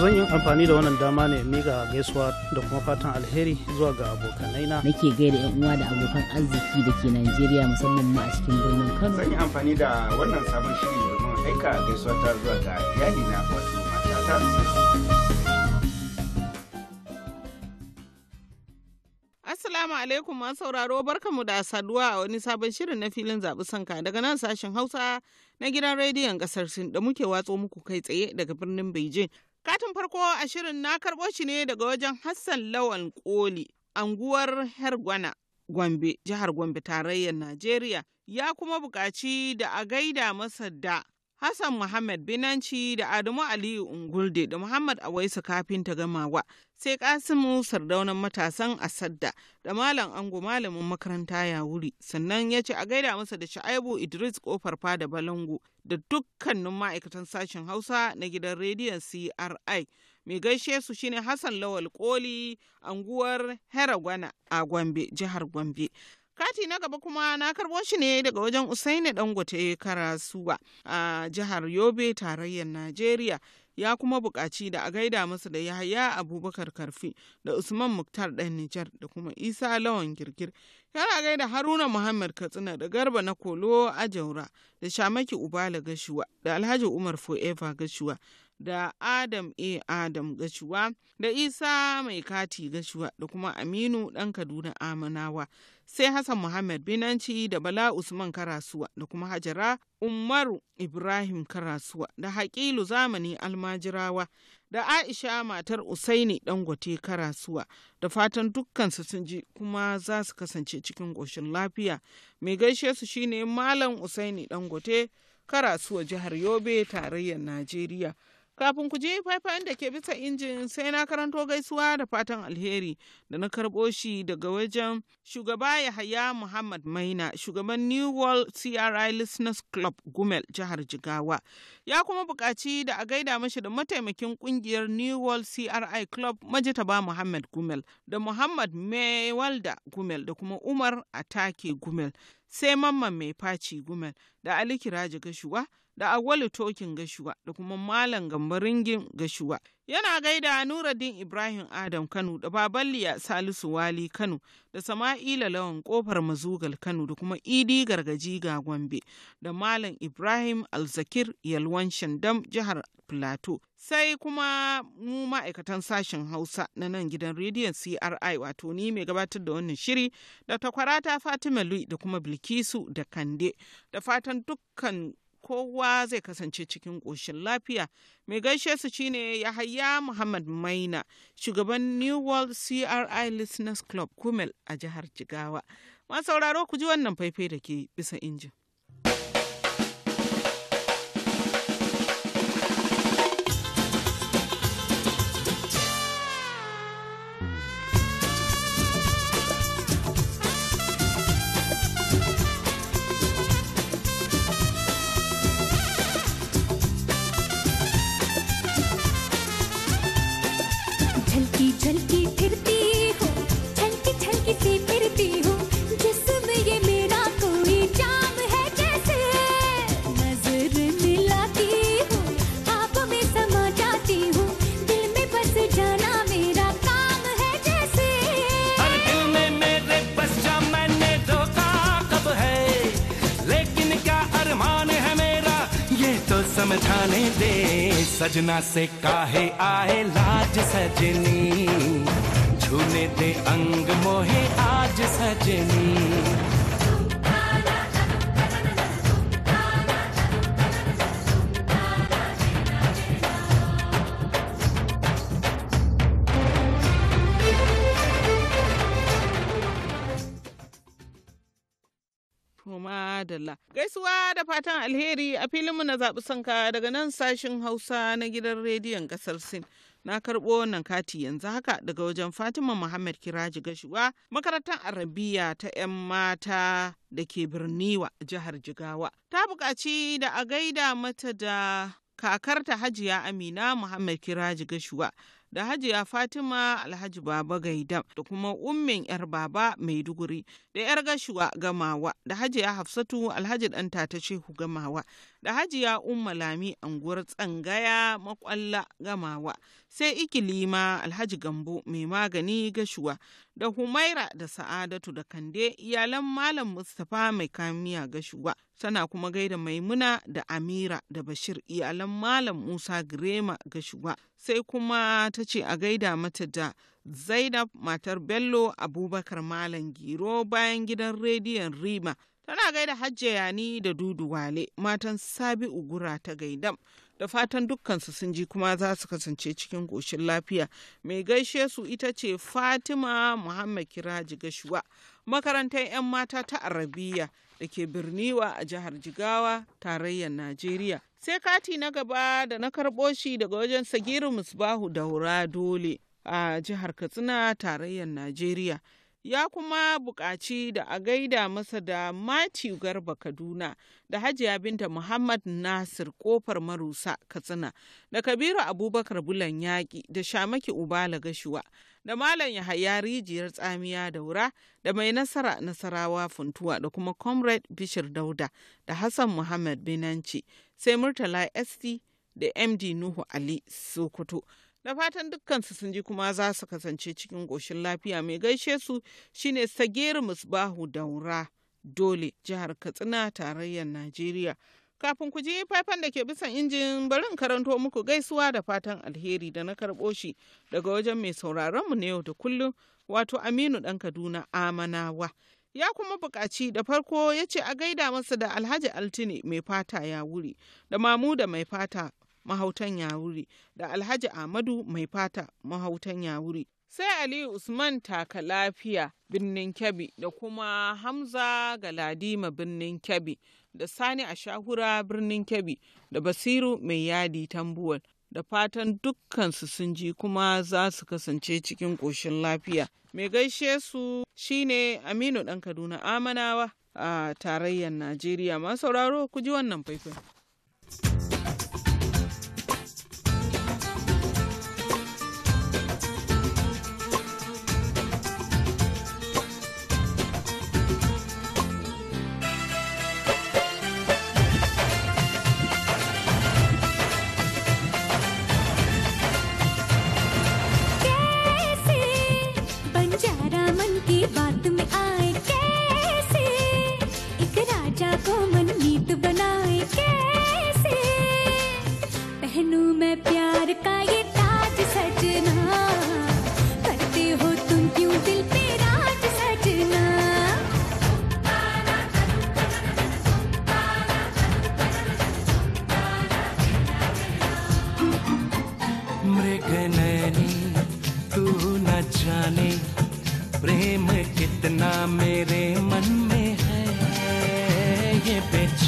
zan yi amfani da wannan dama ne mi ga gaisuwa da kuma fatan alheri zuwa ga abokanai na. Nake gaida yan uwa da abokan arziki da ke Najeriya musamman ma a cikin birnin Kano. Zan yi amfani da wannan sabon shiri domin aika gaisuwa ta zuwa ga iyali na wato matata. Assalamu alaikum ma sauraro barkamu da saduwa a wani sabon shirin na filin zaɓi sanka daga nan sashen Hausa na gidan rediyon ƙasar Sin da muke watso muku kai tsaye daga birnin Beijing. Katin farko a shirin na karɓo shi ne daga wajen Hassan Lawal Koli, anguwar Hergwana, Gombe, jihar Gombe tarayyar Najeriya, ya kuma buƙaci da a gaida masa da Hassan Muhammad Binanci da Adamu Aliyu Ungulde da Muhammad Awaisu Kafinta Gamawa sai kasimu sardaunan matasan asadda da malam ango malamin makaranta ya wuri sannan ya ce a gaida masa da sha'aibu idris kofar da balangu da dukkanin ma'aikatan sashen hausa na gidan rediyon cri mai gaishe su shine hassan lawal koli anguwar heragwana a gombe jihar gombe kati na gaba kuma na karbo shi ne daga wajen usaini dangote karasuwa a jihar yobe tarayyar najeriya ya kuma buƙaci da a gaida masa da Yahaya Abubakar Karfi da Usman Muktar ɗan Nijar da kuma Isa Lawan Girgir. Yana gaida Haruna Muhammad Katsina da Garba na Kolo Ajaura da Shamaki Ubala Gashuwa da Alhaji Umar Forever Gashuwa da Adam A. Adam Gashuwa da Isa Mai Kati Gashuwa da kuma Aminu ɗan Kaduna Amanawa. Sai Hassan Muhammad Binanci da Bala Usman Karasuwa da kuma Hajara Umaru Ibrahim Karasuwa da Hakilu Zamani Almajirawa da Aisha matar Usaini Dangote Karasuwa da fatan dukkansu sun ji kuma za su kasance cikin ƙoshin lafiya. Mai gaishe su shine Malam Usaini Dangote Karasuwa jihar Yobe tarayyar Najeriya. Kafin ku je faifan da ke bisa injin sai na karanto gaisuwa da fatan alheri da na karɓo shi daga wajen shugaba Yahaya Muhammad Maina, shugaban New World CRI Listeners Club Gumel jihar Jigawa. Ya kuma buƙaci da a gaida mashi da mataimakin ƙungiyar New World CRI Club Majitaba Muhammad Gumel da Muhammad Mewalda Gumel da kuma Umar Atake Gumel. sai mamman mai faci gumen da Ali Kiraji Gashuwa da Agwalu Tokin Gashuwa da kuma Malam Gambaringin Gashuwa Yana gaida nura din Ibrahim Adam Kano da Baballiya Salisu Wali Kano da Sama'ila Lawan Kofar Mazugal Kano da kuma Idi Gargaji ga Gombe da Malam Ibrahim Alzakir Yalwan Shandam jihar Plateau. Sai kuma mu ma'aikatan sashen Hausa na nan gidan rediyon CRI wato ni mai gabatar da wannan shiri da takwarata Fatima Lui da kuma Bilkisu da Kande da fatan dukkan kowa zai kasance cikin ƙoshin lafiya. Mai gaishe su shine Yahaya Muhammad Maina, shugaban New World CRI Listeners Club Kumel a jihar Jigawa. Masauraro ku ji wannan faifai da ke bisa injin. सजना से काहे आए लाज सजनी झूले दे अंग मोहे आज सजनी Abdullah. Gaisuwa da fatan alheri a filinmu na zaɓi sanka daga nan sashin Hausa na gidan rediyon ƙasar Sin. Na karɓo wannan kati yanzu haka daga wajen Fatima Muhammad Kiraji Gashuwa, makarantar Arabiya ta 'yan mata da ke Birniwa, jihar Jigawa. Ta buƙaci da a gaida mata da kakarta Hajiya Amina Muhammad Kiraji Gashuwa. da hajiya fatima alhaji baba gaidam da kuma ummin yar baba maiduguri da yar gashuwa gamawa da hajiya hafsatu alhaji dan ta shehu gamawa da hajiya umma lami anguwar tsangaya makwalla gamawa sai ikilima alhaji gambo mai magani gashuwa da humaira da sa'adatu da kande iyalan malam mustapha mai kamiya gashuwa tana kuma gaida maimuna da amira da bashir iyalan malam musa girema gashuwa sai kuma ta ce a gaida mata da zainab matar bello abubakar malam giro bayan gidan rediyon rima tana gaida hajjayani da dudu wale matan sabi'u gura ta gaidam da fatan dukkansu sun ji kuma za su kasance cikin goshin lafiya mai gaishe su ita ce fatima muhammad kiraji gashuwa makarantar 'yan mata ta arabiya da ke birniwa a jihar jigawa tarayyar najeriya sai kati na gaba da na karɓo shi daga wajen sagiru musbahu daura dole a jihar katsina tarayyar najeriya ya kuma buƙaci da a gaida masa da Matthew Garba Kaduna da Hajiya Binta Muhammad Nasir Kofar Marusa Katsina da Kabiru Abubakar Bulan Yaƙi da Shamaki Uba Lagashuwa da Malam Yahaya Rijiyar Tsamiya Daura da mai nasara Nasarawa Funtuwa da kuma Comrade Bishir Dauda da Hassan Muhammad Binanci sai Murtala ST da MD Nuhu Ali Sokoto. Da fatan dukkansu sun ji kuma za su kasance cikin ƙoshin lafiya mai gaishe su shine Sageri Musbahu Daura Dole jihar Katsina tarayyar Najeriya. Kafin ku ji faifan da ke bisan injin barin karanto muku gaisuwa da fatan alheri da na karɓo shi daga wajen mai sauraronmu na yau da kullum wato Aminu ɗan Kaduna Amanawa. Ya kuma bukaci da farko ya ce a gaida masa da Alhaji Altine mai fata ya wuri da mamu da mai fata mahautan ya wuri da Alhaji Ahmadu mai fata mahautan ya wuri. sai ali Usman taka lafiya birnin kyabi da kuma Hamza Galadima birnin kyabi. da Sani a shahura birnin Kebbi da Basiru mai yadi tambuwal da fatan dukkansu sun ji kuma za su kasance cikin ƙoshin lafiya. Mai gaishe su shine Aminu ɗan Kaduna Amanawa a tarayyar Najeriya. Masu sauraro ku ji wannan faifai. hippie.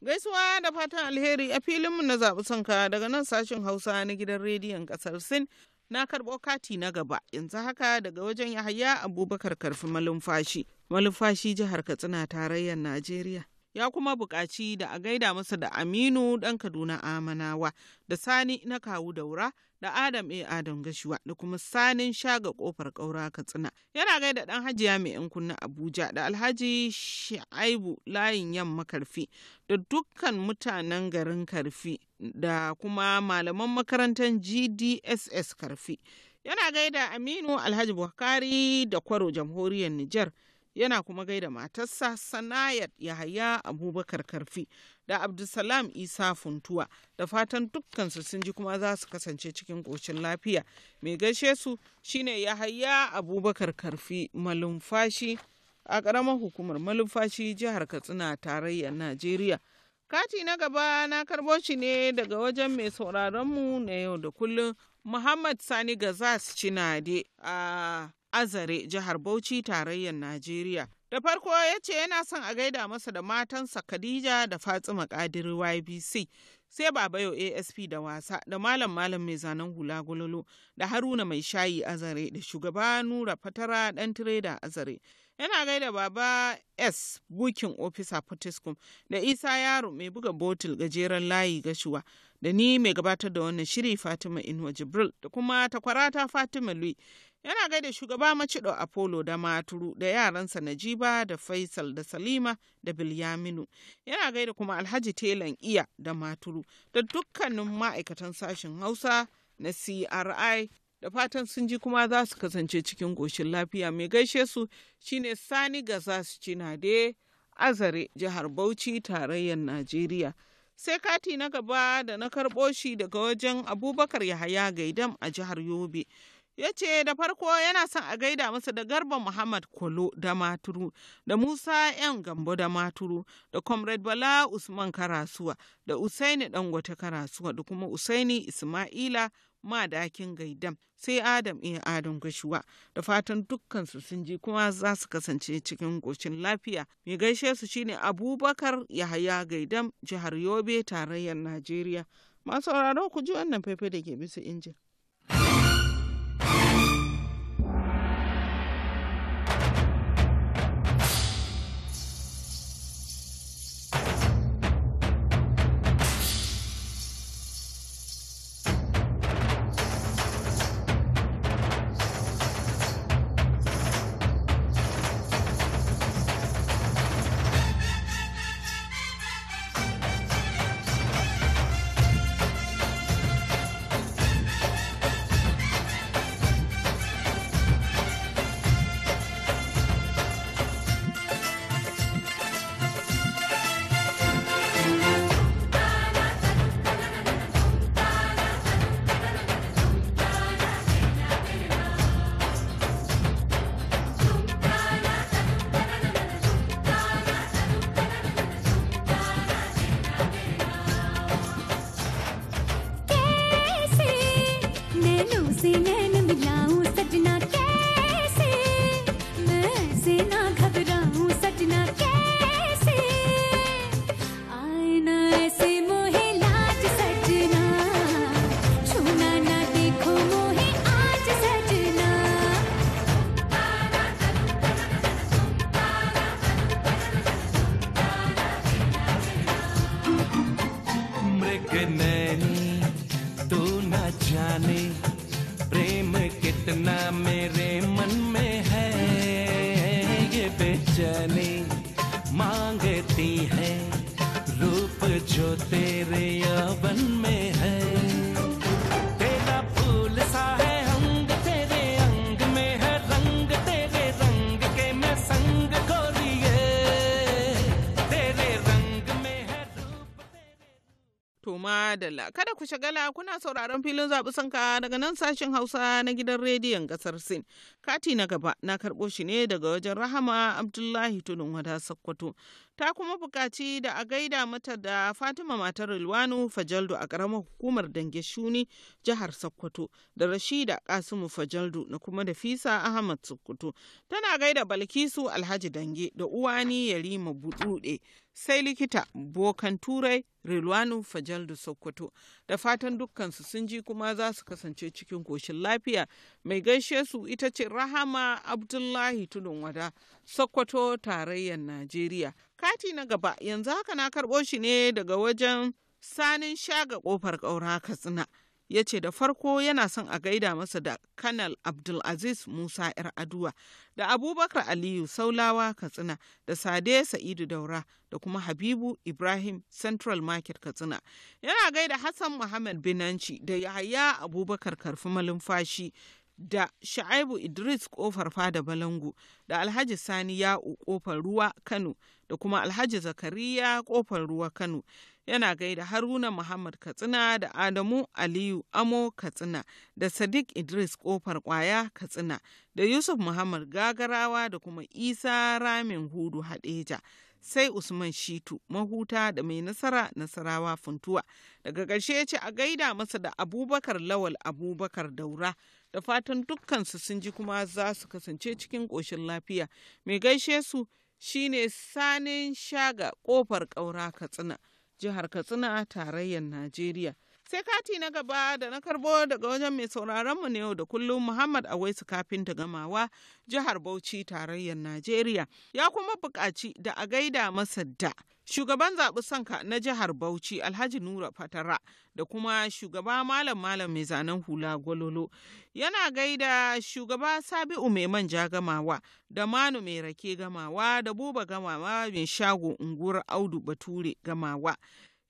Gaisuwa da fatan alheri a filinmu na zaɓi sanka daga nan sashen Hausa na gidan rediyon ƙasar Sin na karɓo kati na gaba yanzu haka daga wajen Yahaya Abubakar Karfi Malumfashi. Malumfashi jihar Katsina tarayyar Najeriya. ya kuma buƙaci da a gaida masa da Aminu ɗan Kaduna Amanawa da Sani na kawu daura da Adam A. Adam gashiwa da kuma Sanin Shaga Kofar Ƙaura Katsina. Yana gaida ɗan hajiya mai ‘yan kunna Abuja da Alhaji Shaibu Layin Yamma Karfi da dukkan mutanen garin Karfi da kuma malaman makarantar GDSS Karfi. Yana gaida Aminu Alhaji Buhari da Kwaro Jamhuriyar Nijar. yana kuma gaida matarsa sanayat yahaya abubakar karfi da abdulsalam isa funtuwa da fatan dukkansu sun ji kuma za su kasance cikin ƙoshin lafiya mai gaishe su shine yahaya abubakar karfi malumfashi a ƙaramar hukumar malumfashi jihar katsina tarayyar najeriya kati na gaba na karbo shi ne daga wajen mai sauraronmu na yau da kullum Muhammad Sani Gazas Cinade a Azare, jihar Bauchi, tarayyar Najeriya. Da farko ya ce yana son a gaida masa da matansa Khadija da Fatima Kadiri YBC, sai Babayo ASP da wasa da Malam Malam mai zanen hula gulolo da Haruna mai shayi Azare da shugaba Nura Fatara ɗan tireda Azare. Yana gaida Baba S bukin ofisa Potiskum da Isa Yaro mai buga botul gajeren layi gashuwa da ni mai gabatar da wannan shiri Fatima Inuwa Jibril da kuma takwarata Fatima Lui. Yana gaida shugaba macido Apollo da Maturu da yaransa Najiba da Faisal da Salima da Bilyaminu. Yana gaida kuma Alhaji Telan Iya da Maturu da dukkanin ma'aikatan sashen Hausa na CRI da fatan sun ji kuma za su kasance cikin goshin lafiya mai gaishe su shine Sani ga za su Cinade Azare jihar Bauchi tarayyar Najeriya. sai kati na gaba da na karɓo shi daga wajen abubakar yahaya gaidam a jihar yobe ya ce da farko yana son a gaida masa da garba muhammad kolo da maturu da musa yan gambo da maturu da comrade bala usman karasuwa da usaini dangote karasuwa da kuma usaini ismaila madakin gaidam sai adam iya adam gashuwa da fatan dukkan su sun ji kuma za su kasance cikin goshin lafiya mai gaishe su shine abubakar yahaya gaidam jihar yobe tarayyar najeriya masu sauraro ku ji wannan faifai da ke bisa injin cine. Madala, kada ku shagala kuna sauraron filin zaɓi sanka daga nan sashen Hausa na gidan rediyon ƙasar Sin. Kati na gaba na karɓo shi ne daga wajen Rahama Abdullahi Tunun Wada Sakkwato. Ta kuma bukaci da a gaida mata da Fatima matar Rilwanu Fajaldu a ƙaramar hukumar Dange Shuni jihar Sakkwato da Rashida Kasimu Fajaldu na kuma da Fisa Ahmad Sakkwato. Tana gaida Balkisu Alhaji Dange da Uwani Yarima Buɗuɗe. sai likita bokan turai rilwanu da sokoto da fatan dukkansu sun ji kuma za su kasance cikin koshin lafiya mai gaishe su ita ce rahama abdullahi tudun wada sokoto tarayyar najeriya kati na gaba yanzu haka na karbo shi ne daga wajen sanin shaga kofar ƙaura katsina ya ce da farko yana son a gaida masa da kanal abdulaziz musa yar aduwa da abubakar aliyu saulawa katsina da sade sa'idu daura da kuma habibu ibrahim central market katsina yana gaida hassan muhammad binanci da yahaya abubakar karfi malumfashi da sha'aibu idris kofar fada balangu da alhaji sani ya'u kofar ruwa kano da kuma alhaji zakariya kofar ruwa kano yana gaida Haruna Muhammad Katsina da Adamu Aliyu Amo Katsina da Sadiq Idris Kofar Kwaya Katsina da Yusuf Muhammad Gagarawa da kuma Isa Ramin Hudu Hadeja. sai Usman Shitu mahuta da mai nasara nasarawa funtuwa daga ƙarshe ya ce a gaida masa da abubakar lawal abubakar daura da fatan dukkansu sun ji kuma za su kasance cikin ƙoshin lafiya mai gaishe su shine sanin shaga ƙofar ƙaura katsina. jihar katsina tarayyar najeriya Sai kati na gaba da na karbo daga wajen mai sauraronmu na yau da kullum Muhammad Awaisu kafin ta gamawa jihar Bauchi tarayyar Najeriya. Ya kuma buƙaci da a gaida masa da shugaban zaɓi sanka na jihar Bauchi Alhaji Nura Fatara da kuma shugaba malam malam mai zanen hula gwalolo. Yana gaida shugaba Sabi'u mai manja gamawa da Manu mai rake gamawa da Buba gamawa mai shago unguwar Audu Bature gamawa.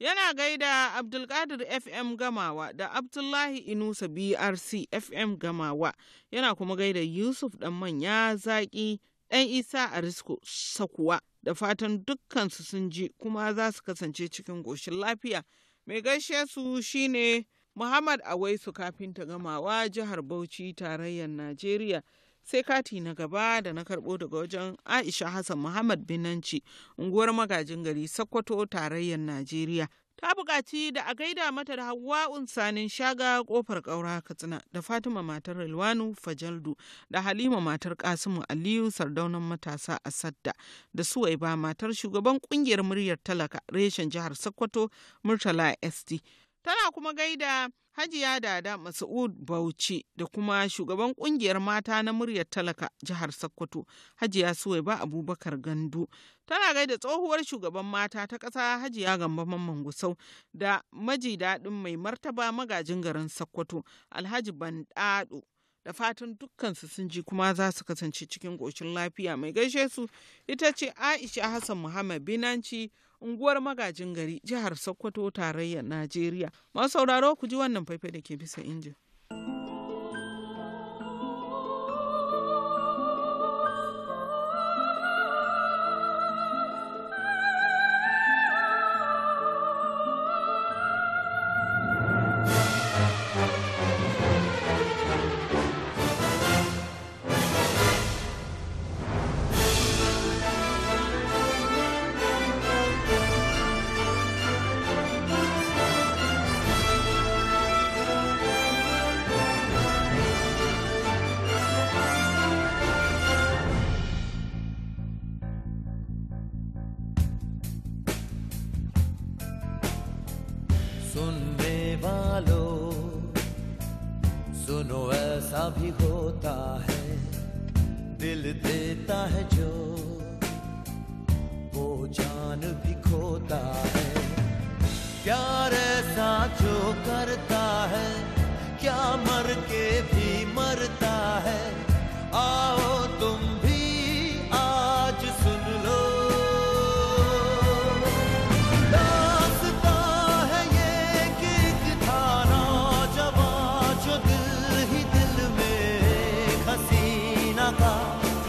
Yana gaida Abdulkadir FM Gamawa da Abdullahi Inusa BRC FM Gamawa yana kuma gaida Yusuf ɗan manya zaki ɗan Isa a Arisko Sakuwa da fatan dukkansu sun ji kuma za su kasance cikin goshin lafiya. Mai gaishe su shine Muhammad Awaisu Kafinta gamawa jihar Bauchi tarayyar Najeriya. sai kati na gaba da na karbo daga wajen aisha hassan muhammad binanci unguwar magajin gari sakkwato tarayyar najeriya ta buƙaci da a gaida mata da hawa sanin shaga kofar ƙaura katsina da fatima matar rilwanu fajaldu da halima matar kasimu aliyu sardaunan matasa a sadda da suwaiba matar shugaban ƙungiyar muryar talaka reshen jihar sokoto murtala st tana kuma gaida Hajiya Dada Masuud Bauchi da kuma shugaban kungiyar mata na muryar talaka jihar Sokoto Hajiya Suwaiba Abubakar Gandu tana gaida tsohuwar shugaban mata ta ƙasa Hajiya Gambo Mamman Gusau da maji daɗin mai martaba magajin garin Sokoto Alhaji Bandado. da fatan dukkansu sun ji kuma za su kasance cikin ƙoshin lafiya mai gaishe su ita ce aisha hassan muhammad binanci unguwar magajin gari jihar sokoto tarayyar najeriya masu sauraro ku ji wannan faifai da ke bisa injin.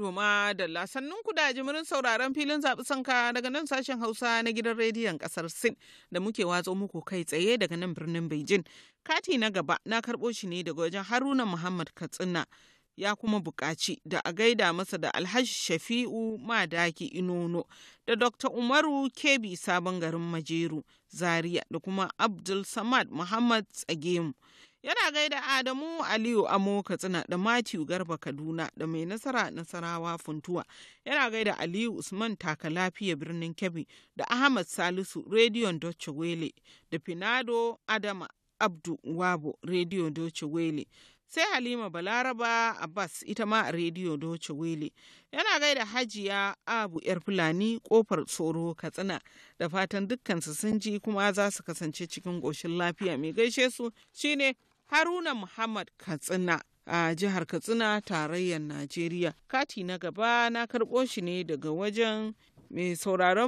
To da lasannin ku da jimirin sauraron filin zaɓi sanka daga nan sashen Hausa na gidan rediyon ƙasar Sin da muke watsa muku kai tsaye daga nan birnin Beijing. Kati na gaba na karɓo shi ne daga wajen Haruna Muhammad Katsina ya kuma buƙaci da a gaida masa da Alhaji Shafi'u Madaki Inono da Dr. Umaru Kebi Sabon Garin Majeru Zaria da kuma Abdul Samad Muhammad Tsagemu. yana gaida Adamu Aliyu Amo Katsina da Matthew Garba Kaduna da mai nasara Nasarawa Funtuwa yana gaida Aliyu Usman takalafiya birnin Kebbi da Ahmad Salisu Rediyon Deutsche Welle da Finado Adama Abdu Wabo Radio Deutsche Welle sai Halima Balaraba Abbas ita ma a rediyo Doce Wele. Yana gaida Hajiya Abu ‘yar Fulani kofar tsoro Katsina da fatan dukkansu sun ji kuma za su kasance cikin goshin lafiya mai gaishe su shine Haruna Muhammad Katsina a jihar Katsina tarayyar Najeriya. Kati na gaba na karɓo shi ne daga wajen mai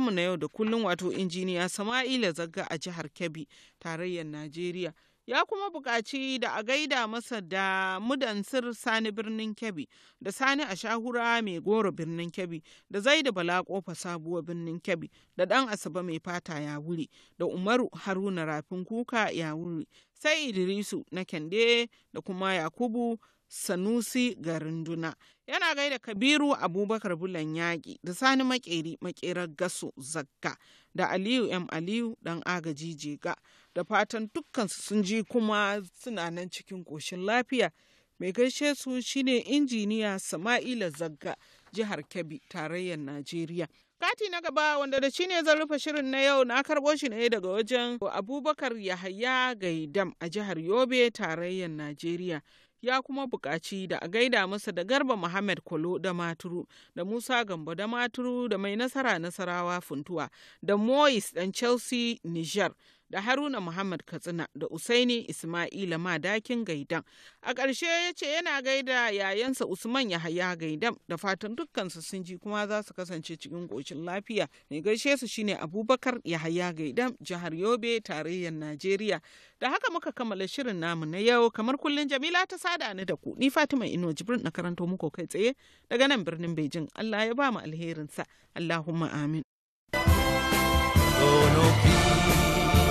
mu na yau da kullum wato injiniya Sama'ila Zagga a jihar Kebbi tarayyar Najeriya. ya kuma buƙaci da a gaida masa da mudansir sani birnin kyabi da sani a shahura mai goro birnin kyabi da zai da bala ƙofa sabuwa birnin kyabi da ɗan asaba mai fata ya wuri da umaru haruna rafin kuka ya wuri sai idrisu na kende da kuma yakubu sanusi garinduna Yana gaida Kabiru Abubakar Bulan Yaƙi da Sani Makeri Makerar Gaso Zakka da Aliyu M. Aliyu ɗan agaji jega da fatan dukkansu sun ji kuma suna nan cikin koshin lafiya. Mai gaishe su shine injiniya Sama'ila Zagga jihar Kebbi tarayyar Najeriya. Kati na gaba wanda da shine zan rufe shirin na yau na karɓo shi ne daga wajen Abubakar Yahaya Gaidam a jihar Yobe tarayyar Najeriya. ya kuma buƙaci da a gaida masa da garba Muhammad Kolo da Maturu da Musa Gambo da Maturu da mai nasara nasarawa funtuwa da Mois ɗan Chelsea Niger da Haruna Muhammad Katsina da Usaini Ismaila Madakin Gaidan. A ƙarshe ya ce yana gaida yayansa Usman Yahaya Gaidan da fatan dukkansu sun ji kuma za su kasance cikin ƙoshin lafiya. Mai gaishe su shine Abubakar Yahaya Gaidan jihar Yobe tarayyar Najeriya. Da haka muka kammala shirin namu na yau kamar kullum Jamila ta sada ni da ku ni Fatima Ino Jibrin na karanto muku kai tsaye daga nan birnin Beijing. Allah ya ba mu alherinsa. Allahumma amin.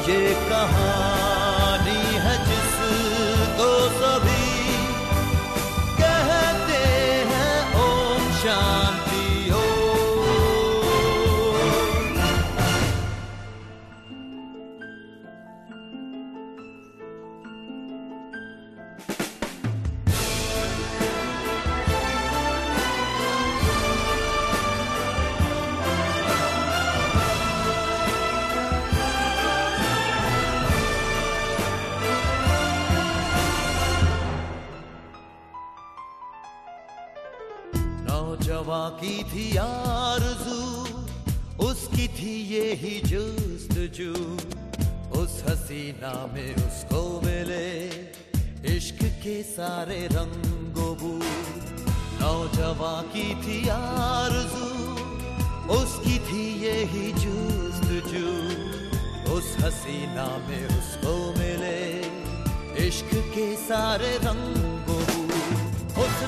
ये कहा की थी आरज़ू उसकी थी ये ही जू उस हसीना में उसको मिले इश्क के सारे रंगोबू नौजवा की थी आरज़ू उसकी थी ये ही जुस्तजू उस हसीना में उसको मिले इश्क के सारे रंग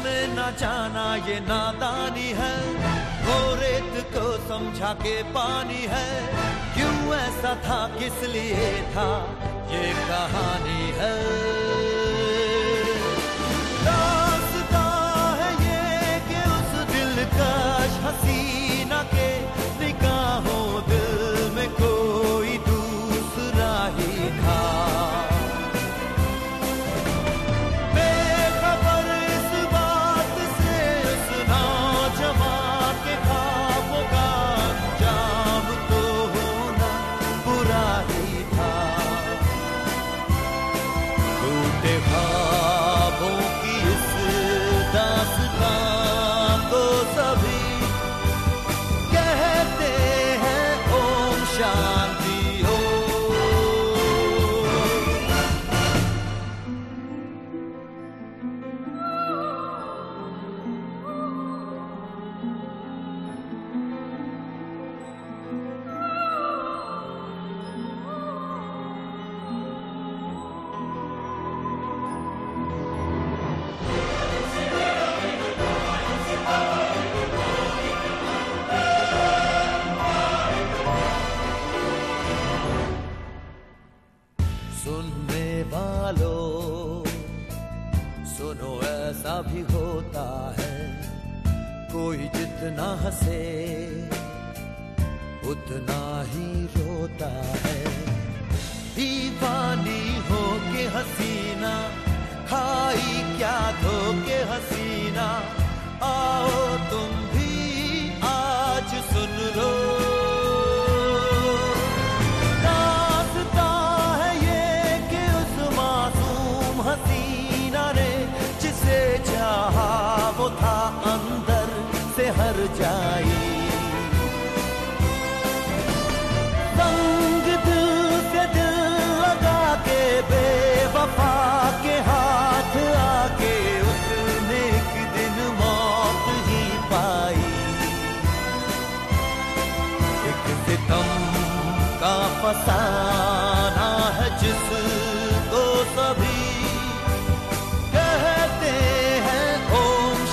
મે ના જાના એ નાદની હૈ ઓ રેત કો સમજા કે પાણી હૈ ક્યુ એસા થા કિસ લિયે થા યે કહાની હૈ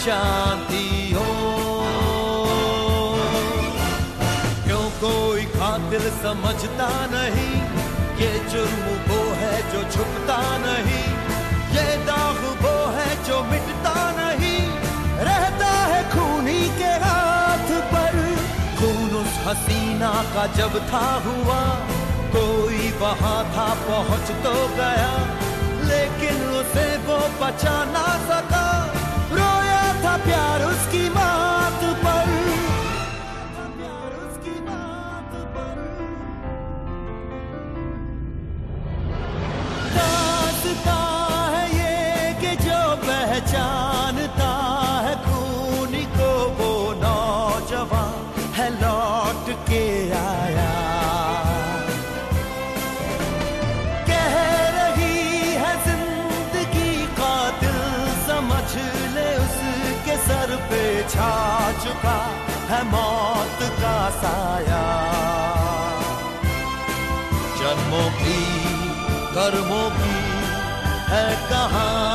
शांति हो क्यों कोई खातिर समझता नहीं ये जुर्म वो है जो छुपता नहीं ये दाग वो है जो मिटता नहीं रहता है खूनी के हाथ पर खून उस हसीना का जब था हुआ कोई वहां था पहुंच तो गया लेकिन उसे वो बचा ना सका प्यार उसकी है मौत का साया जन्मों की कर्मों की है कहाँ